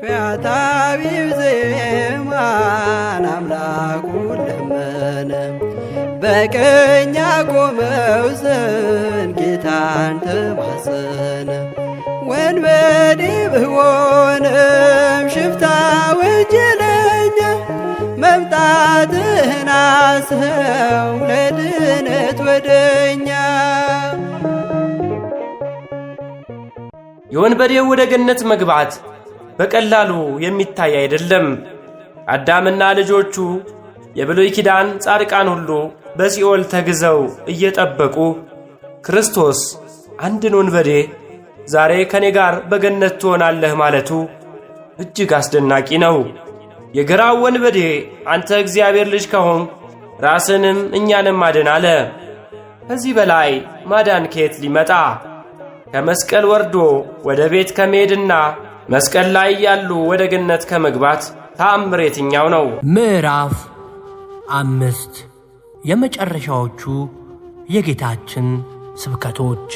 ፈያታ ቢብ ዜማን አምላኩን ለመነ በቀኝ ቆመው ዘን ጌታን ተማጸነ። ወንበዴ ብሆንም ሽፍታ ወንጀለኛ መምጣትህን አስኸው ለድነት ወደኛ የወንበዴው ወደ ገነት መግባት በቀላሉ የሚታይ አይደለም። አዳምና ልጆቹ የብሉይ ኪዳን ጻድቃን ሁሉ በሲኦል ተግዘው እየጠበቁ ክርስቶስ አንድን ወንበዴ ዛሬ ከኔ ጋር በገነት ትሆናለህ ማለቱ እጅግ አስደናቂ ነው። የግራው ወንበዴ አንተ እግዚአብሔር ልጅ ከሆን ራስንም እኛንም አድን አለ። ከዚህ በላይ ማዳን ከየት ሊመጣ? ከመስቀል ወርዶ ወደ ቤት ከመሄድና መስቀል ላይ ያሉ ወደ ገነት ከመግባት ታምር የትኛው ነው? ምዕራፍ አምስት የመጨረሻዎቹ የጌታችን ስብከቶች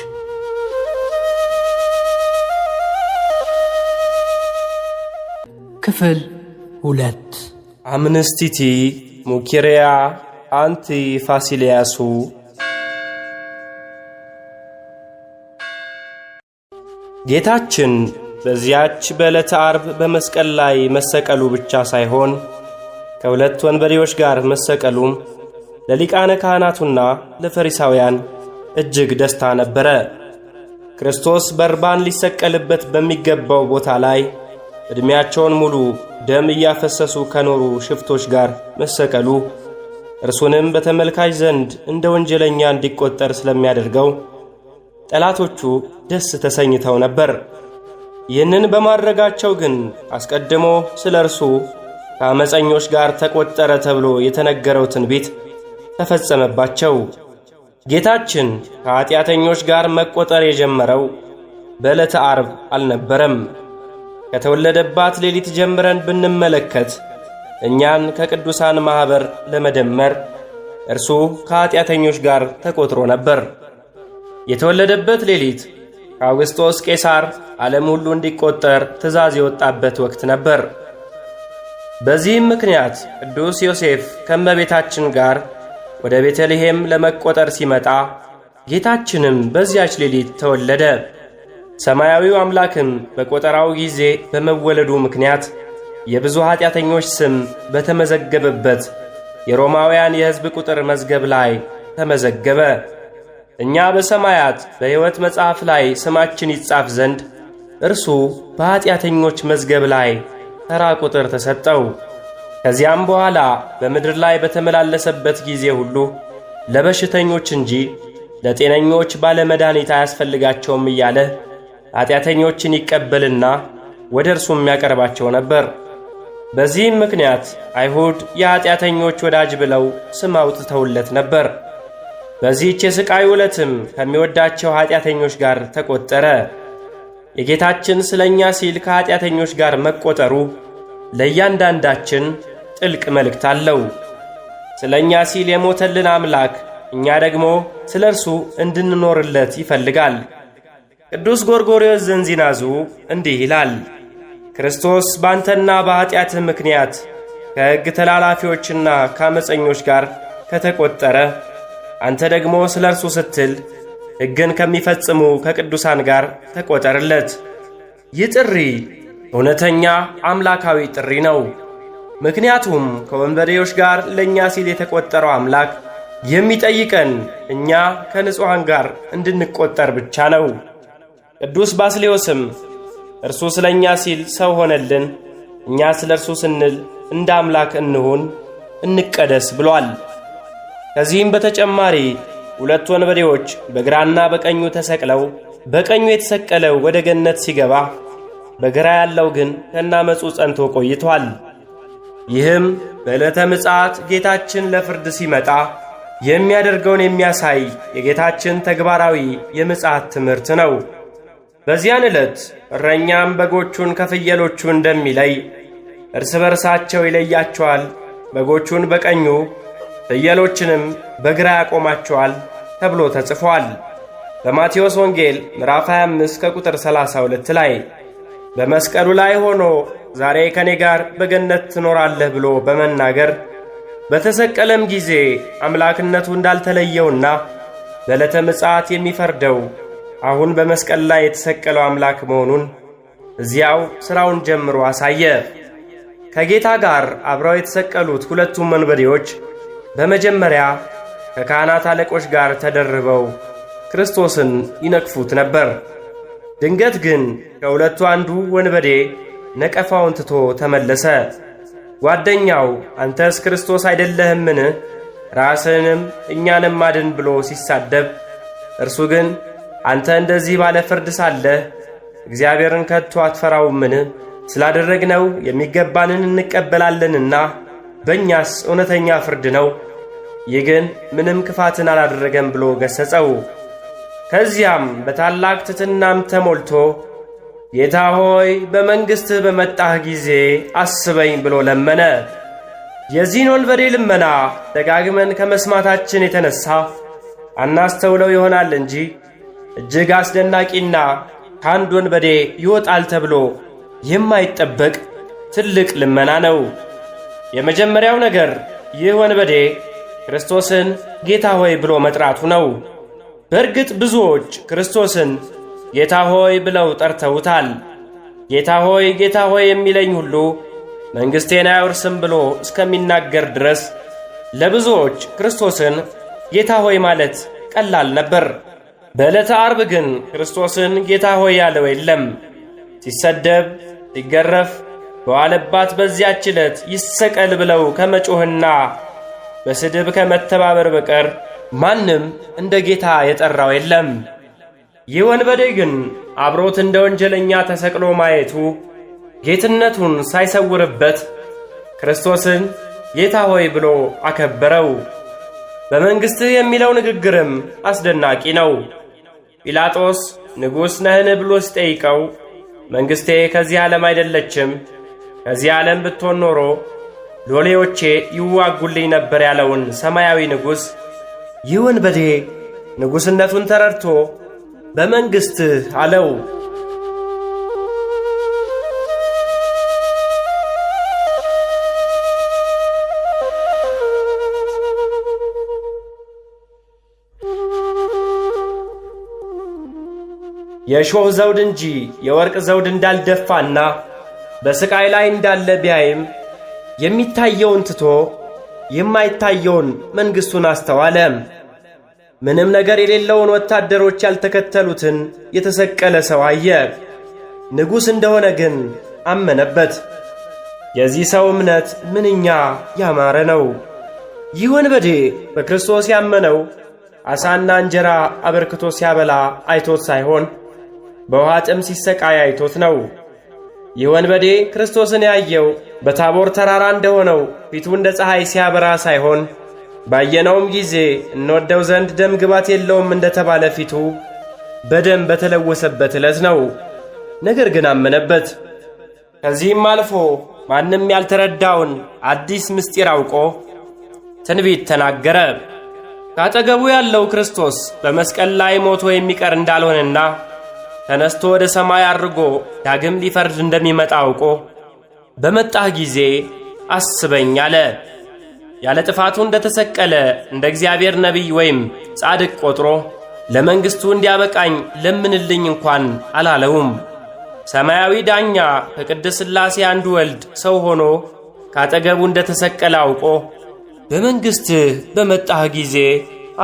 ክፍል ሁለት አምንስቲቲ ሙኪሪያ አንቲ ፋሲልያሱ ጌታችን በዚያች በዕለተ አርብ በመስቀል ላይ መሰቀሉ ብቻ ሳይሆን ከሁለት ወንበዴዎች ጋር መሰቀሉም ለሊቃነ ካህናቱና ለፈሪሳውያን እጅግ ደስታ ነበረ። ክርስቶስ በርባን ሊሰቀልበት በሚገባው ቦታ ላይ ዕድሜያቸውን ሙሉ ደም እያፈሰሱ ከኖሩ ሽፍቶች ጋር መሰቀሉ እርሱንም በተመልካች ዘንድ እንደ ወንጀለኛ እንዲቆጠር ስለሚያደርገው ጠላቶቹ ደስ ተሰኝተው ነበር። ይህንን በማድረጋቸው ግን አስቀድሞ ስለ እርሱ ከአመፀኞች ጋር ተቆጠረ ተብሎ የተነገረው ትንቢት ተፈጸመባቸው። ጌታችን ከኀጢአተኞች ጋር መቆጠር የጀመረው በዕለተ ዓርብ አልነበረም። ከተወለደባት ሌሊት ጀምረን ብንመለከት እኛን ከቅዱሳን ማኅበር ለመደመር እርሱ ከኀጢአተኞች ጋር ተቆጥሮ ነበር። የተወለደበት ሌሊት አውግስጦስ ቄሳር ዓለም ሁሉ እንዲቆጠር ትእዛዝ የወጣበት ወቅት ነበር። በዚህም ምክንያት ቅዱስ ዮሴፍ ከመቤታችን ጋር ወደ ቤተልሔም ለመቆጠር ሲመጣ ጌታችንም በዚያች ሌሊት ተወለደ። ሰማያዊው አምላክም በቆጠራው ጊዜ በመወለዱ ምክንያት የብዙ ኀጢአተኞች ስም በተመዘገበበት የሮማውያን የሕዝብ ቁጥር መዝገብ ላይ ተመዘገበ። እኛ በሰማያት በሕይወት መጽሐፍ ላይ ስማችን ይጻፍ ዘንድ እርሱ በኀጢአተኞች መዝገብ ላይ ተራ ቁጥር ተሰጠው። ከዚያም በኋላ በምድር ላይ በተመላለሰበት ጊዜ ሁሉ ለበሽተኞች እንጂ ለጤነኞች ባለመድኃኒት አያስፈልጋቸውም እያለ ኀጢአተኞችን ይቀበልና ወደ እርሱም የሚያቀርባቸው ነበር። በዚህም ምክንያት አይሁድ የኀጢአተኞች ወዳጅ ብለው ስም አውጥተውለት ነበር። በዚህች የሥቃይ ዕለትም ከሚወዳቸው ኀጢአተኞች ጋር ተቈጠረ። የጌታችን ስለ እኛ ሲል ከኀጢአተኞች ጋር መቈጠሩ ለእያንዳንዳችን ጥልቅ መልእክት አለው። ስለ እኛ ሲል የሞተልን አምላክ እኛ ደግሞ ስለ እርሱ እንድንኖርለት ይፈልጋል። ቅዱስ ጎርጎርዮስ ዘንዚናዙ እንዲህ ይላል። ክርስቶስ ባንተና በኀጢአትህ ምክንያት ከሕግ ተላላፊዎችና ከአመፀኞች ጋር ከተቈጠረ አንተ ደግሞ ስለ እርሱ ስትል ሕግን ከሚፈጽሙ ከቅዱሳን ጋር ተቆጠርለት። ይህ ጥሪ እውነተኛ አምላካዊ ጥሪ ነው። ምክንያቱም ከወንበዴዎች ጋር ለእኛ ሲል የተቆጠረው አምላክ የሚጠይቀን እኛ ከንጹሐን ጋር እንድንቆጠር ብቻ ነው። ቅዱስ ባስሌዮስም እርሱ ስለ እኛ ሲል ሰው ሆነልን፣ እኛ ስለ እርሱ ስንል እንደ አምላክ እንሁን፣ እንቀደስ ብሏል። ከዚህም በተጨማሪ ሁለት ወንበዴዎች በግራና በቀኙ ተሰቅለው በቀኙ የተሰቀለው ወደ ገነት ሲገባ በግራ ያለው ግን ከናመፁ ጸንቶ ቆይቷል። ይህም በዕለተ ምጽአት ጌታችን ለፍርድ ሲመጣ የሚያደርገውን የሚያሳይ የጌታችን ተግባራዊ የምጽአት ትምህርት ነው። በዚያን ዕለት እረኛም በጎቹን ከፍየሎቹ እንደሚለይ እርስ በርሳቸው ይለያቸዋል። በጎቹን በቀኙ ፍየሎችንም በግራ ያቆማቸዋል ተብሎ ተጽፏል። በማቴዎስ ወንጌል ምዕራፍ 25 ከቁጥር 32 ላይ በመስቀሉ ላይ ሆኖ ዛሬ ከኔ ጋር በገነት ትኖራለህ ብሎ በመናገር በተሰቀለም ጊዜ አምላክነቱ እንዳልተለየውና በዕለተ ምጽአት የሚፈርደው አሁን በመስቀል ላይ የተሰቀለው አምላክ መሆኑን እዚያው ሥራውን ጀምሮ አሳየ። ከጌታ ጋር አብረው የተሰቀሉት ሁለቱም መንበዴዎች በመጀመሪያ ከካህናት አለቆች ጋር ተደርበው ክርስቶስን ይነቅፉት ነበር። ድንገት ግን ከሁለቱ አንዱ ወንበዴ ነቀፋውን ትቶ ተመለሰ። ጓደኛው አንተስ ክርስቶስ አይደለህምን? ራስህንም እኛንም አድን ብሎ ሲሳደብ፣ እርሱ ግን አንተ እንደዚህ ባለ ፍርድ ሳለህ እግዚአብሔርን ከቶ አትፈራውምን? ስላደረግነው የሚገባንን እንቀበላለንና በእኛስ እውነተኛ ፍርድ ነው። ይህ ግን ምንም ክፋትን አላደረገም ብሎ ገሰጸው። ከዚያም በታላቅ ትትናም ተሞልቶ ጌታ ሆይ በመንግሥትህ በመጣህ ጊዜ አስበኝ ብሎ ለመነ። የዚህን ወንበዴ ልመና ደጋግመን ከመስማታችን የተነሣ አናስተውለው ይሆናል እንጂ እጅግ አስደናቂና ከአንድ ወንበዴ ይወጣል ተብሎ የማይጠበቅ ትልቅ ልመና ነው። የመጀመሪያው ነገር ይህ ወንበዴ ክርስቶስን ጌታ ሆይ ብሎ መጥራቱ ነው። በእርግጥ ብዙዎች ክርስቶስን ጌታ ሆይ ብለው ጠርተውታል። ጌታ ሆይ ጌታ ሆይ የሚለኝ ሁሉ መንግሥቴን አይወርስም ብሎ እስከሚናገር ድረስ ለብዙዎች ክርስቶስን ጌታ ሆይ ማለት ቀላል ነበር። በዕለተ አርብ ግን ክርስቶስን ጌታ ሆይ ያለው የለም። ሲሰደብ፣ ሲገረፍ በዋለባት በዚያች ዕለት ይሰቀል ብለው ከመጮህና በስድብ ከመተባበር በቀር ማንም እንደ ጌታ የጠራው የለም። ይህ ወንበዴ ግን አብሮት እንደ ወንጀለኛ ተሰቅሎ ማየቱ ጌትነቱን ሳይሰውርበት ክርስቶስን ጌታ ሆይ ብሎ አከበረው። በመንግሥትህ የሚለው ንግግርም አስደናቂ ነው። ጲላጦስ ንጉሥ ነህን ብሎ ሲጠይቀው መንግሥቴ ከዚህ ዓለም አይደለችም ከዚህ ዓለም ብትሆን ኖሮ ሎሌዎቼ ይዋጉልኝ ነበር ያለውን ሰማያዊ ንጉሥ ይህ ወንበዴ ንጉሥነቱን ተረድቶ በመንግሥትህ አለው። የሾህ ዘውድ እንጂ የወርቅ ዘውድ እንዳልደፋና በስቃይ ላይ እንዳለ ቢያይም የሚታየውን ትቶ የማይታየውን መንግሥቱን አስተዋለ። ምንም ነገር የሌለውን ወታደሮች ያልተከተሉትን የተሰቀለ ሰው አየ። ንጉሥ እንደሆነ ግን አመነበት። የዚህ ሰው እምነት ምንኛ ያማረ ነው! ይህ ወንበዴ በክርስቶስ ያመነው አሳና እንጀራ አበርክቶ ሲያበላ አይቶት ሳይሆን በውሃ ጥም ሲሰቃይ አይቶት ነው። ይህ ወንበዴ ክርስቶስን ያየው በታቦር ተራራ እንደሆነው ፊቱ እንደ ፀሐይ ሲያበራ ሳይሆን ባየነውም ጊዜ እንወደው ዘንድ ደም ግባት የለውም እንደተባለ ፊቱ በደም በተለወሰበት ዕለት ነው። ነገር ግን አመነበት። ከዚህም አልፎ ማንም ያልተረዳውን አዲስ ምስጢር አውቆ ትንቢት ተናገረ። ካጠገቡ ያለው ክርስቶስ በመስቀል ላይ ሞቶ የሚቀር እንዳልሆነና ተነስቶ ወደ ሰማይ አድርጎ ዳግም ሊፈርድ እንደሚመጣ አውቆ በመጣህ ጊዜ አስበኝ አለ። ያለ ጥፋቱ እንደተሰቀለ እንደ እግዚአብሔር ነቢይ ወይም ጻድቅ ቆጥሮ ለመንግሥቱ እንዲያበቃኝ ለምንልኝ እንኳን አላለውም። ሰማያዊ ዳኛ ከቅድስ ሥላሴ አንዱ ወልድ ሰው ሆኖ ካጠገቡ እንደተሰቀለ አውቆ በመንግሥትህ በመጣህ ጊዜ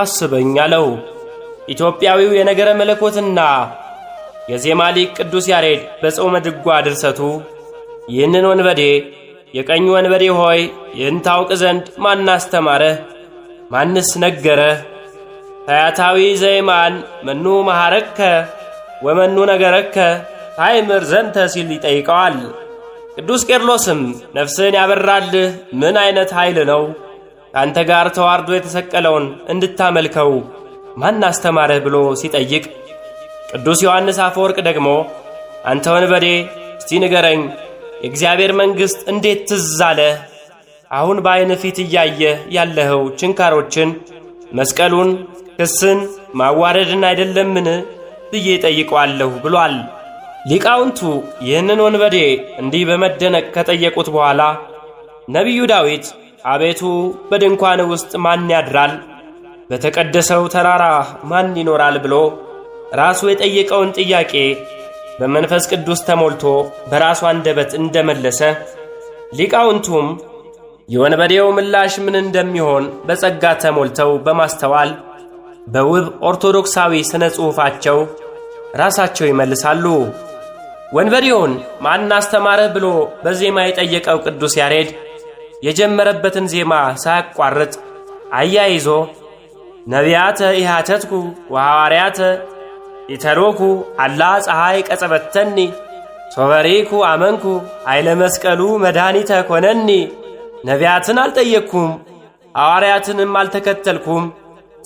አስበኝ አለው። ኢትዮጵያዊው የነገረ መለኮትና የዜማ ሊቅ ቅዱስ ያሬድ በጾመ ድጓ ድርሰቱ ይህንን ወንበዴ የቀኝ ወንበዴ ሆይ ይህን ታውቅ ዘንድ ማን አስተማረህ? ማንስ ነገረህ? ታያታዊ ዘይማን መኑ መሐረከ ወመኑ ነገረከ ታይምር ዘንተ ሲል ይጠይቀዋል። ቅዱስ ቄርሎስም ነፍስን ያበራልህ ምን አይነት ኃይል ነው? ከአንተ ጋር ተዋርዶ የተሰቀለውን እንድታመልከው ማን አስተማረህ ብሎ ሲጠይቅ ቅዱስ ዮሐንስ አፈወርቅ ደግሞ አንተ ወንበዴ እስቲ ንገረኝ የእግዚአብሔር መንግሥት እንዴት ትዝ አሁን በዐይን ፊት እያየህ ያለኸው ችንካሮችን፣ መስቀሉን፣ ክስን ማዋረድን አይደለምን ብዬ ጠይቀዋለሁ ብሏል። ሊቃውንቱ ይህንን ወንበዴ እንዲህ በመደነቅ ከጠየቁት በኋላ ነቢዩ ዳዊት አቤቱ በድንኳን ውስጥ ማን ያድራል? በተቀደሰው ተራራ ማን ይኖራል ብሎ ራሱ የጠየቀውን ጥያቄ በመንፈስ ቅዱስ ተሞልቶ በራሱ አንደበት እንደመለሰ ሊቃውንቱም የወንበዴው ምላሽ ምን እንደሚሆን በጸጋ ተሞልተው በማስተዋል በውብ ኦርቶዶክሳዊ ሥነ ጽሑፋቸው ራሳቸው ይመልሳሉ። ወንበዴውን ማን አስተማረህ ብሎ በዜማ የጠየቀው ቅዱስ ያሬድ የጀመረበትን ዜማ ሳያቋርጥ አያይዞ ነቢያተ ኢሃተትኩ ወሐዋርያተ ኢተሮኩ አላ ፀሐይ ቀጸበተኒ ሶበሬኩ አመንኩ አይለ መስቀሉ መድኃኒተ ኮነኒ። ነቢያትን አልጠየቅኩም ሐዋርያትንም አልተከተልኩም።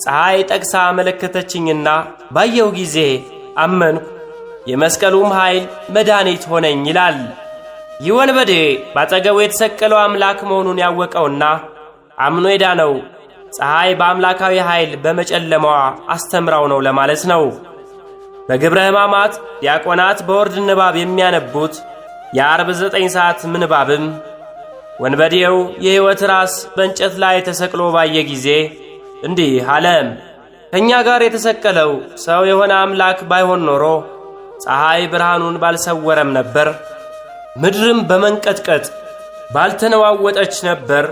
ፀሐይ ጠቅሳ መለከተችኝና ባየው ጊዜ አመንኩ፣ የመስቀሉም ኃይል መድኃኒት ሆነኝ ይላል። ይህ ወንበዴ ባጠገቡ የተሰቀለው አምላክ መሆኑን ያወቀውና አምኖ የዳነው ፀሐይ በአምላካዊ ኃይል በመጨለማዋ አስተምራው ነው ለማለት ነው። በግብረ ሕማማት ዲያቆናት በወርድ ንባብ የሚያነቡት የአርብ ዘጠኝ ሰዓት ምንባብም ወንበዴው የሕይወት ራስ በእንጨት ላይ ተሰቅሎ ባየ ጊዜ እንዲህ አለም ከእኛ ጋር የተሰቀለው ሰው የሆነ አምላክ ባይሆን ኖሮ ፀሐይ ብርሃኑን ባልሰወረም ነበር፣ ምድርም በመንቀጥቀጥ ባልተነዋወጠች ነበር።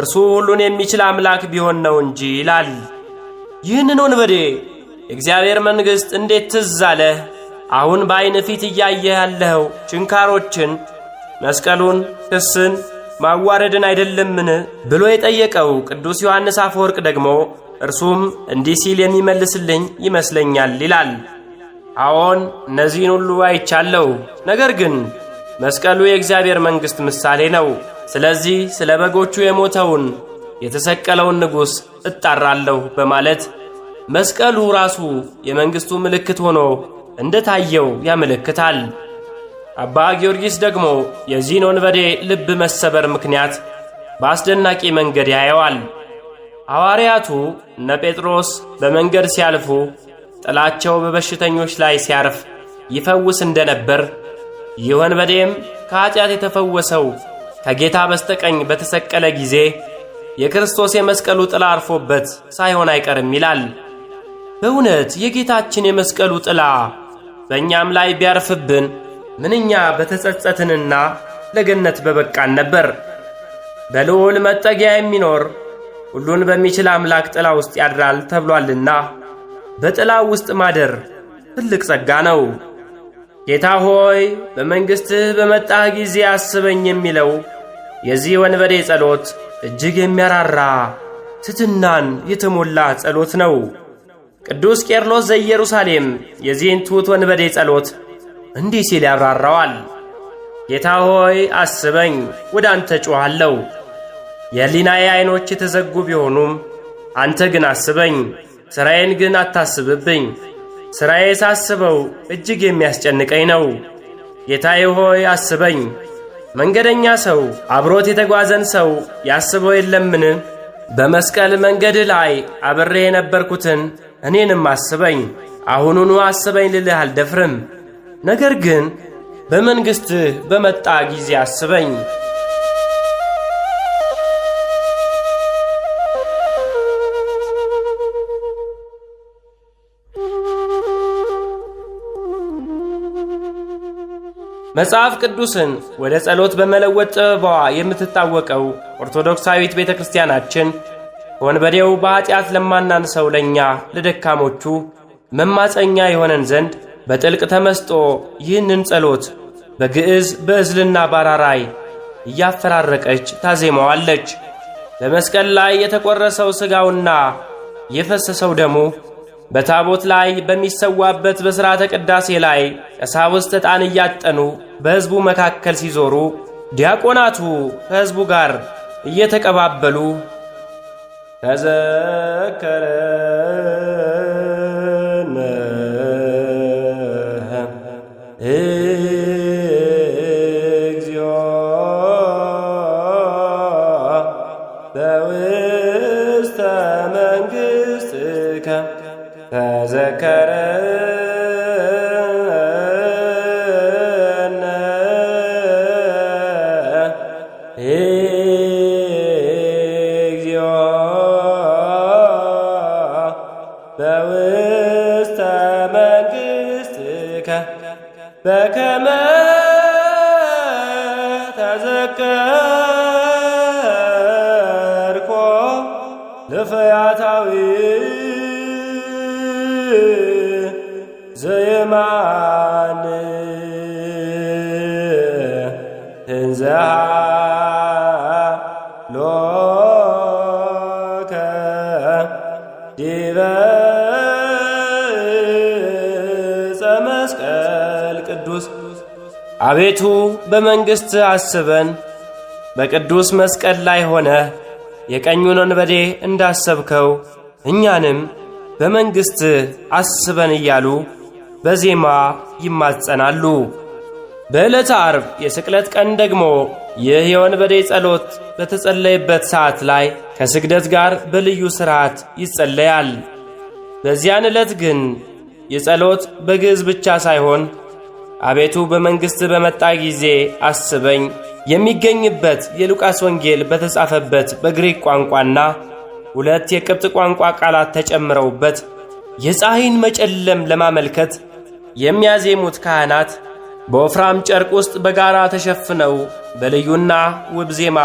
እርሱ ሁሉን የሚችል አምላክ ቢሆን ነው እንጂ ይላል። ይህንን ወንበዴ የእግዚአብሔር መንግሥት እንዴት ትዝ አለህ? አሁን በዐይን ፊት እያየህ ያለኸው ጭንካሮችን፣ መስቀሉን፣ ክስን፣ ማዋረድን አይደለምን ብሎ የጠየቀው ቅዱስ ዮሐንስ አፈወርቅ ደግሞ እርሱም እንዲህ ሲል የሚመልስልኝ ይመስለኛል ይላል። አዎን እነዚህን ሁሉ አይቻለሁ። ነገር ግን መስቀሉ የእግዚአብሔር መንግሥት ምሳሌ ነው። ስለዚህ ስለ በጎቹ የሞተውን የተሰቀለውን ንጉሥ እጣራለሁ በማለት መስቀሉ ራሱ የመንግሥቱ ምልክት ሆኖ እንደታየው ያመለክታል። አባ ጊዮርጊስ ደግሞ የዚህን ወንበዴ ልብ መሰበር ምክንያት በአስደናቂ መንገድ ያየዋል። ሐዋርያቱ እነ ጴጥሮስ በመንገድ ሲያልፉ ጥላቸው በበሽተኞች ላይ ሲያርፍ ይፈውስ እንደነበር ይህ ወንበዴም ከኀጢአት የተፈወሰው ከጌታ በስተቀኝ በተሰቀለ ጊዜ የክርስቶስ የመስቀሉ ጥላ አርፎበት ሳይሆን አይቀርም ይላል። በእውነት የጌታችን የመስቀሉ ጥላ በእኛም ላይ ቢያርፍብን ምንኛ በተጸጸትንና ለገነት በበቃን ነበር። በልዑል መጠጊያ የሚኖር ሁሉን በሚችል አምላክ ጥላ ውስጥ ያድራል ተብሏልና በጥላ ውስጥ ማደር ትልቅ ጸጋ ነው። ጌታ ሆይ በመንግሥትህ በመጣህ ጊዜ አስበኝ የሚለው የዚህ ወንበዴ ጸሎት እጅግ የሚያራራ ትሕትናን የተሞላ ጸሎት ነው። ቅዱስ ቄርሎስ ዘኢየሩሳሌም የዚህን ትሑት ወንበዴ ጸሎት እንዲህ ሲል ያብራራዋል። ጌታ ሆይ አስበኝ፣ ወደ አንተ ጮኋለሁ። የሕሊናዬ ዐይኖች የተዘጉ ቢሆኑም አንተ ግን አስበኝ፣ ሥራዬን ግን አታስብብኝ። ሥራዬ ሳስበው እጅግ የሚያስጨንቀኝ ነው። ጌታዬ ሆይ አስበኝ። መንገደኛ ሰው አብሮት የተጓዘን ሰው ያስበው የለምን? በመስቀል መንገድ ላይ አብሬ የነበርኩትን እኔንም አስበኝ፣ አሁኑኑ አስበኝ ልልህ አልደፍርም። ነገር ግን በመንግሥትህ በመጣ ጊዜ አስበኝ። መጽሐፍ ቅዱስን ወደ ጸሎት በመለወጥ ጥበቧ የምትታወቀው ኦርቶዶክሳዊት ቤተ ክርስቲያናችን ወንበዴው በኃጢአት ለማናን ሰው ለእኛ ለደካሞቹ መማፀኛ የሆነን ዘንድ በጥልቅ ተመስጦ ይህንን ጸሎት በግዕዝ በእዝልና ባራራይ እያፈራረቀች ታዜመዋለች። በመስቀል ላይ የተቈረሰው ሥጋውና የፈሰሰው ደሙ በታቦት ላይ በሚሰዋበት በሥርዓተ ቅዳሴ ላይ ቀሳውስት ዕጣን እያጠኑ በሕዝቡ መካከል ሲዞሩ ዲያቆናቱ ከሕዝቡ ጋር እየተቀባበሉ تذكر መስቀል ቅዱስ አቤቱ በመንግሥት አስበን በቅዱስ መስቀል ላይ ሆነ የቀኙን ወንበዴ እንዳሰብከው እኛንም በመንግሥት አስበን እያሉ በዜማ ይማጸናሉ። በዕለተ ዓርብ የስቅለት ቀን ደግሞ ይህ የወንበዴ ጸሎት በተጸለየበት ሰዓት ላይ ከስግደት ጋር በልዩ ሥርዓት ይጸለያል። በዚያን ዕለት ግን የጸሎት በግዕዝ ብቻ ሳይሆን አቤቱ በመንግሥት በመጣ ጊዜ አስበኝ የሚገኝበት የሉቃስ ወንጌል በተጻፈበት በግሪክ ቋንቋና ሁለት የቅብጥ ቋንቋ ቃላት ተጨምረውበት የፀሐይን መጨለም ለማመልከት የሚያዜሙት ካህናት በወፍራም ጨርቅ ውስጥ በጋራ ተሸፍነው በልዩና ውብ ዜማ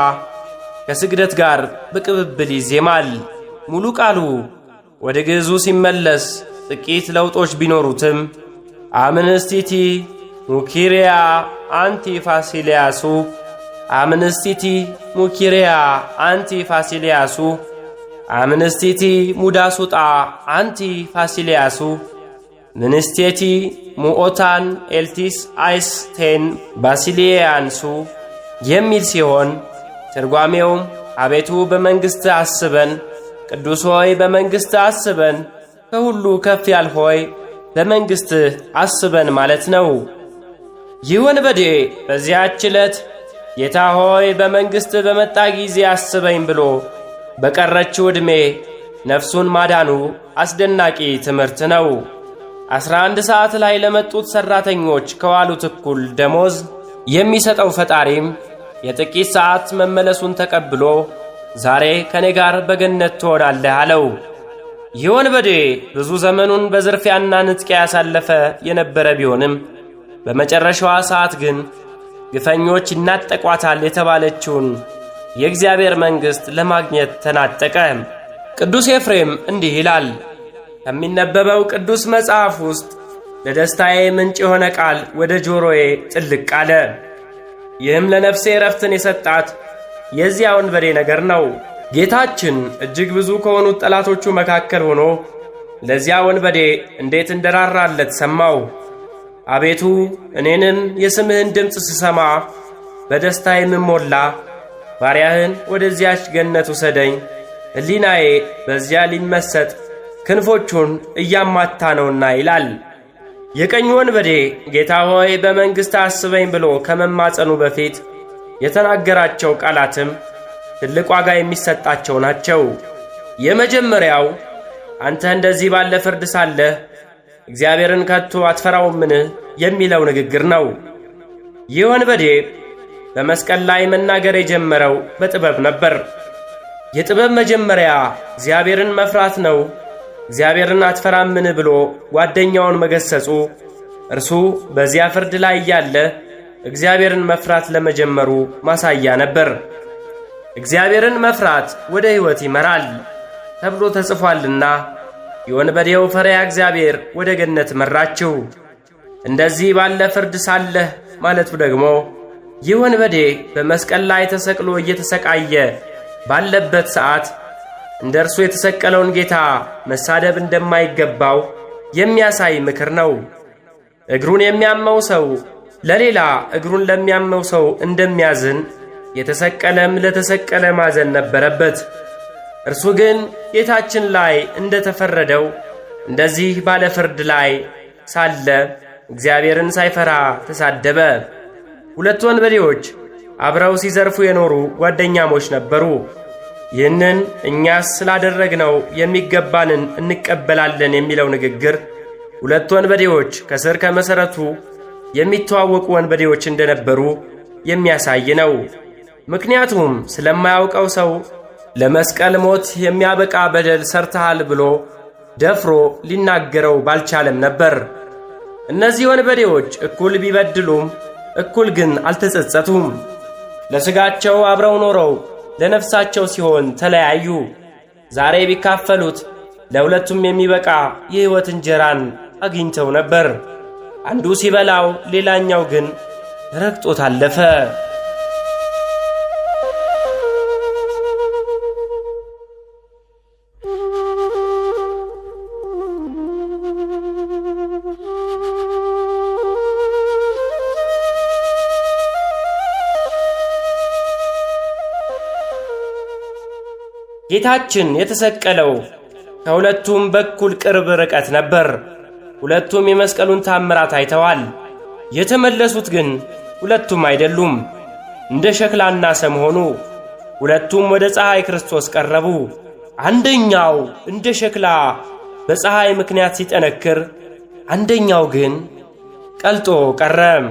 ከስግደት ጋር በቅብብል ይዜማል። ሙሉ ቃሉ ወደ ግዕዙ ሲመለስ ጥቂት ለውጦች ቢኖሩትም አምንስቲቲ ሙኪሪያ አንቲ ፋሲሊያሱ አምንስቲቲ ሙኪሪያ አንቲ ፋሲሊያሱ አምንስቲቲ ሙዳሱጣ አንቲ ፋሲሊያሱ ምንስቴቲ ሙኦታን ኤልቲስ አይስቴን ባሲሊያንሱ የሚል ሲሆን ትርጓሜውም አቤቱ በመንግሥት አስበን፣ ቅዱስ ሆይ በመንግሥት አስበን ከሁሉ ከፍ ሆይ ለመንግሥትህ አስበን ማለት ነው። ይህ ወንበዴ በዚያች ዕለት ጌታ ሆይ በመንግሥት በመጣ ጊዜ አስበኝ ብሎ በቀረችው ዕድሜ ነፍሱን ማዳኑ አስደናቂ ትምህርት ነው። አስራ አንድ ሰዓት ላይ ለመጡት ሠራተኞች ከዋሉት እኩል ደሞዝ የሚሰጠው ፈጣሪም የጥቂት ሰዓት መመለሱን ተቀብሎ ዛሬ ከእኔ ጋር በገነት ትሆናለህ አለው። ይህ ወንበዴ ብዙ ዘመኑን በዝርፊያና ንጥቂያ ያሳለፈ የነበረ ቢሆንም በመጨረሻዋ ሰዓት ግን ግፈኞች ይናጠቋታል የተባለችውን የእግዚአብሔር መንግሥት ለማግኘት ተናጠቀ። ቅዱስ ኤፍሬም እንዲህ ይላል። ከሚነበበው ቅዱስ መጽሐፍ ውስጥ ለደስታዬ ምንጭ የሆነ ቃል ወደ ጆሮዬ ጥልቅ አለ። ይህም ለነፍሴ ረፍትን የሰጣት የዚያ ወንበዴ ነገር ነው። ጌታችን እጅግ ብዙ ከሆኑት ጠላቶቹ መካከል ሆኖ ለዚያ ወንበዴ እንዴት እንደራራለት ሰማው። አቤቱ እኔንም የስምህን ድምፅ ስሰማ በደስታ የምሞላ ባሪያህን ወደዚያች ገነት ውሰደኝ። ሕሊናዬ በዚያ ሊመሰጥ ክንፎቹን እያማታ ነውና ይላል። የቀኝ ወንበዴ ጌታ ሆይ በመንግሥት አስበኝ ብሎ ከመማጸኑ በፊት የተናገራቸው ቃላትም ትልቅ ዋጋ የሚሰጣቸው ናቸው። የመጀመሪያው አንተ እንደዚህ ባለ ፍርድ ሳለህ እግዚአብሔርን ከቶ አትፈራውምን የሚለው ንግግር ነው። ይህ ወንበዴ በመስቀል ላይ መናገር የጀመረው በጥበብ ነበር። የጥበብ መጀመሪያ እግዚአብሔርን መፍራት ነው። እግዚአብሔርን አትፈራምን ብሎ ጓደኛውን መገሰጹ እርሱ በዚያ ፍርድ ላይ እያለ እግዚአብሔርን መፍራት ለመጀመሩ ማሳያ ነበር። እግዚአብሔርን መፍራት ወደ ሕይወት ይመራል ተብሎ ተጽፏልና የወንበዴው ፈሪያ እግዚአብሔር ወደ ገነት መራችው። እንደዚህ ባለ ፍርድ ሳለህ ማለቱ ደግሞ ይህ ወንበዴ በመስቀል ላይ ተሰቅሎ እየተሰቃየ ባለበት ሰዓት እንደ እርሱ የተሰቀለውን ጌታ መሳደብ እንደማይገባው የሚያሳይ ምክር ነው። እግሩን የሚያመው ሰው ለሌላ እግሩን ለሚያመው ሰው እንደሚያዝን የተሰቀለም ለተሰቀለ ማዘን ነበረበት። እርሱ ግን ጌታችን ላይ እንደ ተፈረደው እንደዚህ ባለ ፍርድ ላይ ሳለ እግዚአብሔርን ሳይፈራ ተሳደበ። ሁለት ወንበዴዎች አብረው ሲዘርፉ የኖሩ ጓደኛሞች ነበሩ። ይህንን እኛስ ስላደረግነው የሚገባንን እንቀበላለን የሚለው ንግግር ሁለት ወንበዴዎች ከስር ከመሠረቱ የሚተዋወቁ ወንበዴዎች እንደነበሩ የሚያሳይ ነው። ምክንያቱም ስለማያውቀው ሰው ለመስቀል ሞት የሚያበቃ በደል ሰርተሃል ብሎ ደፍሮ ሊናገረው ባልቻለም ነበር። እነዚህ ወንበዴዎች እኩል ቢበድሉም እኩል ግን አልተጸጸቱም። ለሥጋቸው አብረው ኖረው ለነፍሳቸው ሲሆን ተለያዩ። ዛሬ ቢካፈሉት ለሁለቱም የሚበቃ የሕይወት እንጀራን አግኝተው ነበር። አንዱ ሲበላው፣ ሌላኛው ግን ረግጦት አለፈ። ጌታችን የተሰቀለው ከሁለቱም በኩል ቅርብ ርቀት ነበር። ሁለቱም የመስቀሉን ታምራት አይተዋል። የተመለሱት ግን ሁለቱም አይደሉም። እንደ ሸክላና ሰም ሆኑ። ሁለቱም ወደ ፀሐይ ክርስቶስ ቀረቡ። አንደኛው እንደ ሸክላ በፀሐይ ምክንያት ሲጠነክር፣ አንደኛው ግን ቀልጦ ቀረም።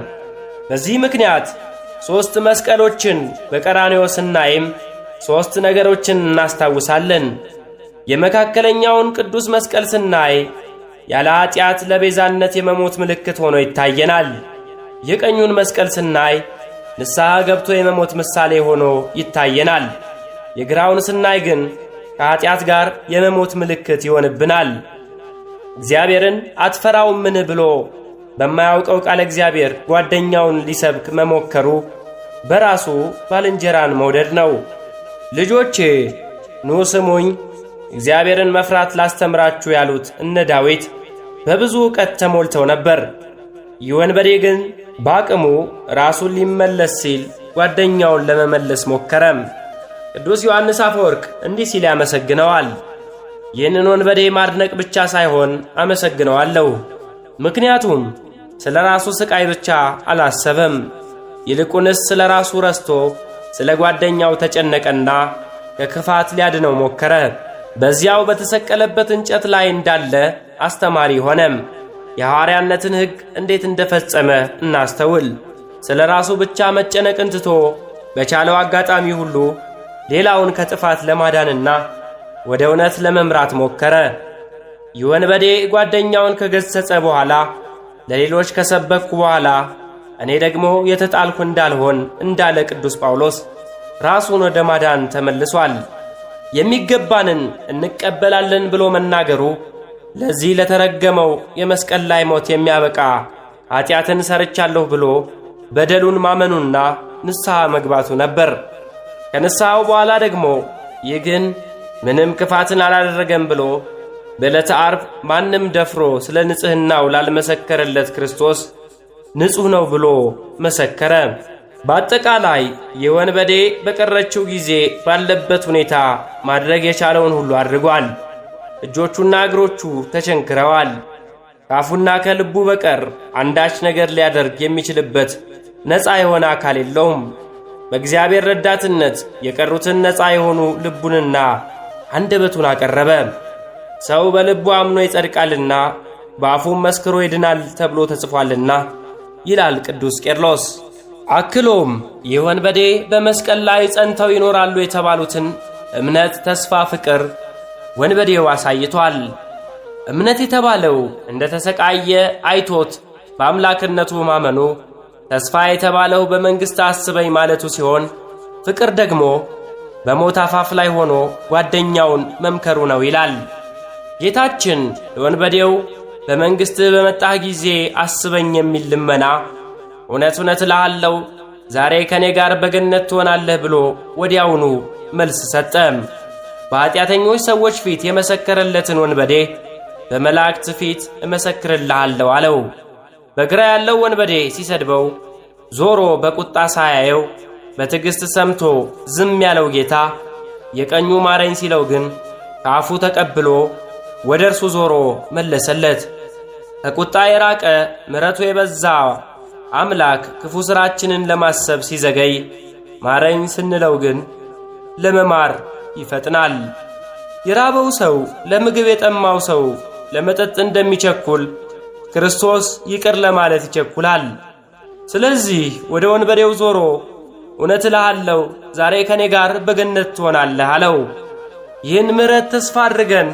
በዚህ ምክንያት ሦስት መስቀሎችን በቀራንዮ ስናይም ሦስት ነገሮችን እናስታውሳለን። የመካከለኛውን ቅዱስ መስቀል ስናይ ያለ ኀጢአት ለቤዛነት የመሞት ምልክት ሆኖ ይታየናል። የቀኙን መስቀል ስናይ ንስሐ ገብቶ የመሞት ምሳሌ ሆኖ ይታየናል። የግራውን ስናይ ግን ከኀጢአት ጋር የመሞት ምልክት ይሆንብናል። እግዚአብሔርን አትፈራውምን ብሎ በማያውቀው ቃለ እግዚአብሔር ጓደኛውን ሊሰብክ መሞከሩ በራሱ ባልንጀራን መውደድ ነው። ልጆቼ ኑ ስሙኝ፣ እግዚአብሔርን መፍራት ላስተምራችሁ ያሉት እነ ዳዊት በብዙ ዕውቀት ተሞልተው ነበር። ይህ ወንበዴ ግን በአቅሙ ራሱን ሊመለስ ሲል ጓደኛውን ለመመለስ ሞከረም። ቅዱስ ዮሐንስ አፈወርቅ እንዲህ ሲል ያመሰግነዋል። ይህንን ወንበዴ ማድነቅ ብቻ ሳይሆን አመሰግነዋለሁ። ምክንያቱም ስለ ራሱ ሥቃይ ብቻ አላሰበም፣ ይልቁንስ ስለ ራሱ ረስቶ ስለ ጓደኛው ተጨነቀና ከክፋት ሊያድነው ሞከረ። በዚያው በተሰቀለበት እንጨት ላይ እንዳለ አስተማሪ ሆነም። የሐዋርያነትን ሕግ እንዴት እንደፈጸመ እናስተውል። ስለ ራሱ ብቻ መጨነቅን ትቶ በቻለው አጋጣሚ ሁሉ ሌላውን ከጥፋት ለማዳንና ወደ እውነት ለመምራት ሞከረ። ይወንበዴ ጓደኛውን ከገሠጸ በኋላ ለሌሎች ከሰበክኩ በኋላ እኔ ደግሞ የተጣልኩ እንዳልሆን እንዳለ ቅዱስ ጳውሎስ ራሱን ወደ ማዳን ተመልሷል። የሚገባንን እንቀበላለን ብሎ መናገሩ ለዚህ ለተረገመው የመስቀል ላይ ሞት የሚያበቃ ኀጢአትን ሰርቻለሁ ብሎ በደሉን ማመኑና ንስሐ መግባቱ ነበር። ከንስሐው በኋላ ደግሞ ይህ ግን ምንም ክፋትን አላደረገም ብሎ በዕለተ ዓርብ ማንም ደፍሮ ስለ ንጽሕናው ላልመሰከረለት ክርስቶስ ንጹሕ ነው ብሎ መሰከረ። በአጠቃላይ የወንበዴ በቀረችው ጊዜ ባለበት ሁኔታ ማድረግ የቻለውን ሁሉ አድርጓል። እጆቹና እግሮቹ ተቸንክረዋል። ከአፉና ከልቡ በቀር አንዳች ነገር ሊያደርግ የሚችልበት ነፃ የሆነ አካል የለውም። በእግዚአብሔር ረዳትነት የቀሩትን ነፃ የሆኑ ልቡንና አንደበቱን አቀረበ። ሰው በልቡ አምኖ ይጸድቃልና በአፉም መስክሮ ይድናል ተብሎ ተጽፏልና ይላል ቅዱስ ቄርሎስ። አክሎም ይህ ወንበዴ በመስቀል ላይ ጸንተው ይኖራሉ የተባሉትን እምነት፣ ተስፋ፣ ፍቅር ወንበዴው አሳይቷል። እምነት የተባለው እንደ ተሰቃየ አይቶት በአምላክነቱ ማመኑ፣ ተስፋ የተባለው በመንግሥት አስበኝ ማለቱ ሲሆን ፍቅር ደግሞ በሞት አፋፍ ላይ ሆኖ ጓደኛውን መምከሩ ነው ይላል ጌታችን ለወንበዴው በመንግሥት በመጣህ ጊዜ አስበኝ የሚል ልመና እውነት እውነት እልሃለሁ ዛሬ ከእኔ ጋር በገነት ትሆናለህ ብሎ ወዲያውኑ መልስ ሰጠም። በኀጢአተኞች ሰዎች ፊት የመሰከረለትን ወንበዴ በመላእክት ፊት እመሰክርልሃለሁ አለው። በግራ ያለው ወንበዴ ሲሰድበው ዞሮ በቁጣ ሳያየው በትዕግሥት ሰምቶ ዝም ያለው ጌታ የቀኙ ማረኝ ሲለው ግን ከአፉ ተቀብሎ ወደ እርሱ ዞሮ መለሰለት። ከቁጣ የራቀ ምረቱ የበዛ አምላክ ክፉ ሥራችንን ለማሰብ ሲዘገይ ማረኝ ስንለው ግን ለመማር ይፈጥናል። የራበው ሰው ለምግብ የጠማው ሰው ለመጠጥ እንደሚቸኩል ክርስቶስ ይቅር ለማለት ይቸኩላል። ስለዚህ ወደ ወንበዴው ዞሮ እውነት እልሃለሁ ዛሬ ከእኔ ጋር በገነት ትሆናለህ አለው። ይህን ምሕረት ተስፋ አድርገን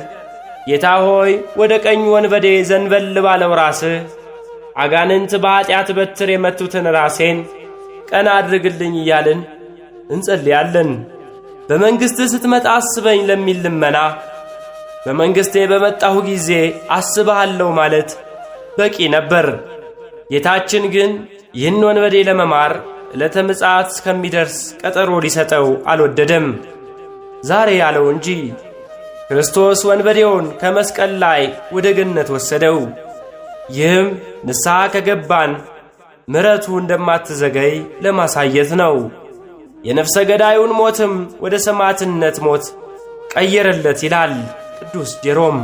ጌታ ሆይ ወደ ቀኝ ወንበዴ ዘንበል ባለው ራስህ አጋንንት በኀጢአት በትር የመቱትን ራሴን ቀና አድርግልኝ እያልን እንጸልያለን። በመንግሥትህ ስትመጣ አስበኝ ለሚል ልመና በመንግሥቴ በመጣሁ ጊዜ አስብሃለሁ ማለት በቂ ነበር። ጌታችን ግን ይህን ወንበዴ ለመማር ዕለተ ምጽአት እስከሚደርስ ቀጠሮ ሊሰጠው አልወደደም። ዛሬ ያለው እንጂ ክርስቶስ ወንበዴውን ከመስቀል ላይ ወደ ገነት ወሰደው። ይህም ንስሐ ከገባን ምረቱ እንደማትዘገይ ለማሳየት ነው። የነፍሰ ገዳዩን ሞትም ወደ ሰማዕትነት ሞት ቀየረለት ይላል ቅዱስ ጄሮም።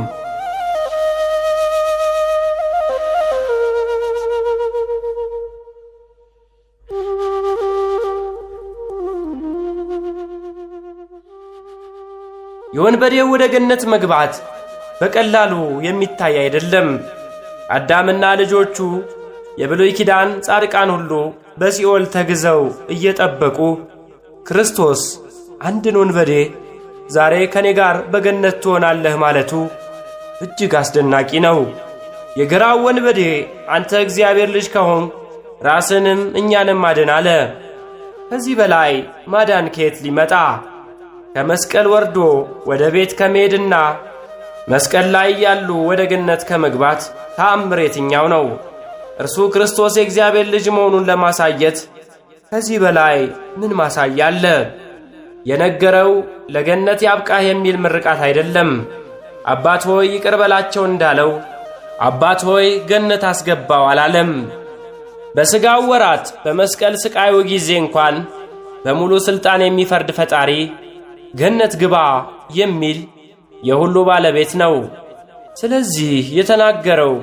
የወንበዴው ወደ ገነት መግባት በቀላሉ የሚታይ አይደለም። አዳምና ልጆቹ የብሉይ ኪዳን ጻድቃን ሁሉ በሲኦል ተግዘው እየጠበቁ ክርስቶስ አንድን ወንበዴ ዛሬ ከእኔ ጋር በገነት ትሆናለህ ማለቱ እጅግ አስደናቂ ነው። የግራው ወንበዴ አንተ እግዚአብሔር ልጅ ከሆን ራስንም እኛንም አድን አለ። ከዚህ በላይ ማዳን ከየት ሊመጣ ከመስቀል ወርዶ ወደ ቤት ከመሄድና መስቀል ላይ ያሉ ወደ ገነት ከመግባት ተአምር የትኛው ነው? እርሱ ክርስቶስ የእግዚአብሔር ልጅ መሆኑን ለማሳየት ከዚህ በላይ ምን ማሳያ አለ? የነገረው ለገነት ያብቃህ የሚል ምርቃት አይደለም። አባት ሆይ ይቅር በላቸው እንዳለው አባት ሆይ ገነት አስገባው አላለም። በሥጋው ወራት በመስቀል ሥቃዩ ጊዜ እንኳን በሙሉ ሥልጣን የሚፈርድ ፈጣሪ ገነት ግባ የሚል የሁሉ ባለቤት ነው። ስለዚህ የተናገረው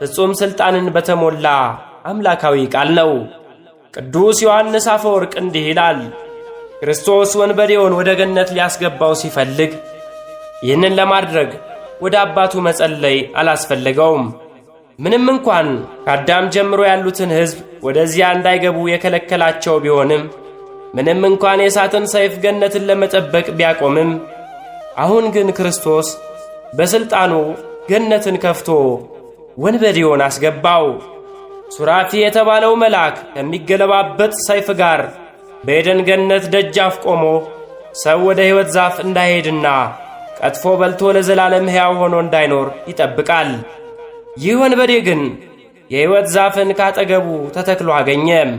ፍጹም ሥልጣንን በተሞላ አምላካዊ ቃል ነው። ቅዱስ ዮሐንስ አፈወርቅ እንዲህ ይላል። ክርስቶስ ወንበዴውን ወደ ገነት ሊያስገባው ሲፈልግ ይህንን ለማድረግ ወደ አባቱ መጸለይ አላስፈለገውም። ምንም እንኳን ከአዳም ጀምሮ ያሉትን ሕዝብ ወደዚያ እንዳይገቡ የከለከላቸው ቢሆንም ምንም እንኳን የእሳትን ሰይፍ ገነትን ለመጠበቅ ቢያቆምም፣ አሁን ግን ክርስቶስ በሥልጣኑ ገነትን ከፍቶ ወንበዴውን አስገባው። ሱራፊ የተባለው መልአክ ከሚገለባበት ሰይፍ ጋር በኤደን ገነት ደጃፍ ቆሞ ሰው ወደ ሕይወት ዛፍ እንዳይሄድና ቀጥፎ በልቶ ለዘላለም ሕያው ሆኖ እንዳይኖር ይጠብቃል። ይህ ወንበዴ ግን የሕይወት ዛፍን ካጠገቡ ተተክሎ አገኘም።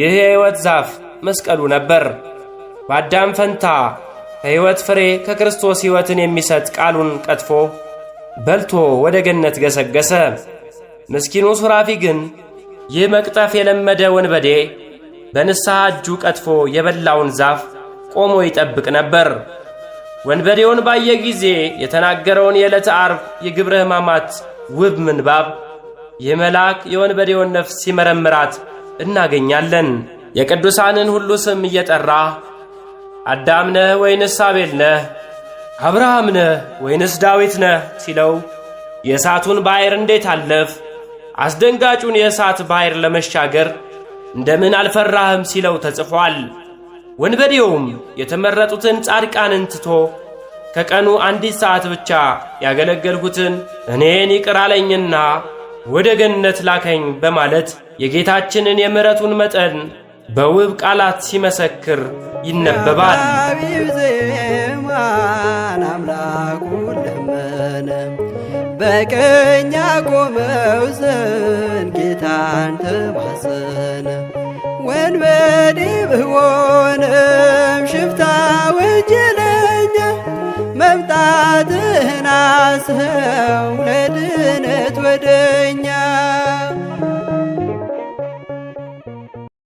ይህ የሕይወት ዛፍ መስቀሉ ነበር። በአዳም ፈንታ ከሕይወት ፍሬ ከክርስቶስ ሕይወትን የሚሰጥ ቃሉን ቀጥፎ በልቶ ወደ ገነት ገሰገሰ። ምስኪኑ ሱራፊ ግን ይህ መቅጠፍ የለመደ ወንበዴ በንስሐ እጁ ቀጥፎ የበላውን ዛፍ ቆሞ ይጠብቅ ነበር። ወንበዴውን ባየ ጊዜ የተናገረውን የዕለተ አርብ የግብረ ሕማማት ውብ ምንባብ ይህ መልአክ የወንበዴውን ነፍስ ሲመረምራት እናገኛለን። የቅዱሳንን ሁሉ ስም እየጠራ አዳም ነህ ወይንስ አቤል ነህ፣ አብርሃም ነህ ወይንስ ዳዊት ነህ ሲለው የእሳቱን ባሕር እንዴት አለፍ፣ አስደንጋጩን የእሳት ባሕር ለመሻገር እንደምን አልፈራህም ሲለው ተጽፏል። ወንበዴውም የተመረጡትን ጻድቃንን ትቶ ከቀኑ አንዲት ሰዓት ብቻ ያገለገልሁትን እኔን ይቅር አለኝና ወደ ገነት ላከኝ በማለት የጌታችንን የምሕረቱን መጠን በውብ ቃላት ሲመሰክር ይነበባል። ቢብ ዜማን አምላኩ ለመነ፣ በቀኝ ያቆመው ዘንድ ጌታን ተማሰነ። ወንበዴ ብሆንም ሽፍታ ወንጀለኛ መምጣትህን አስኸው ለድነት ወደኛ